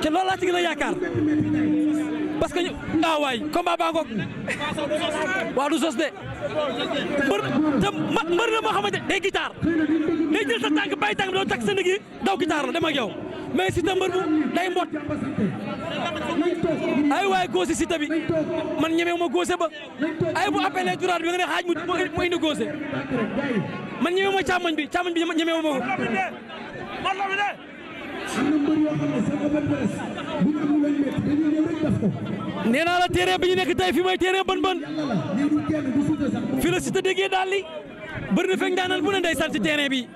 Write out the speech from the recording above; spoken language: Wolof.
te loolu laa ci gën a yaakaar parce que ñu ah waay combat baa ngoog waaw du sos de mbër te mbër la moo xamante day guitare day jël sa tànk bàyyi tànk takk sa daw guitare la dem ak mais Siteu mbër bu day mbot ay waay góose Siteu bi man ñemewu ma góose ba ay bu appelé turaat bi nga ne xaaj mu indi góose man ñemewu ma càmmoñ bi càmmoñ bi ñemewu ma ko nee naa bi ñu nekk tey fi mooy terrain bën bën fi la Siteu déggee daal li bëri na fekk daanal bu ne ndeysaan si terrain bi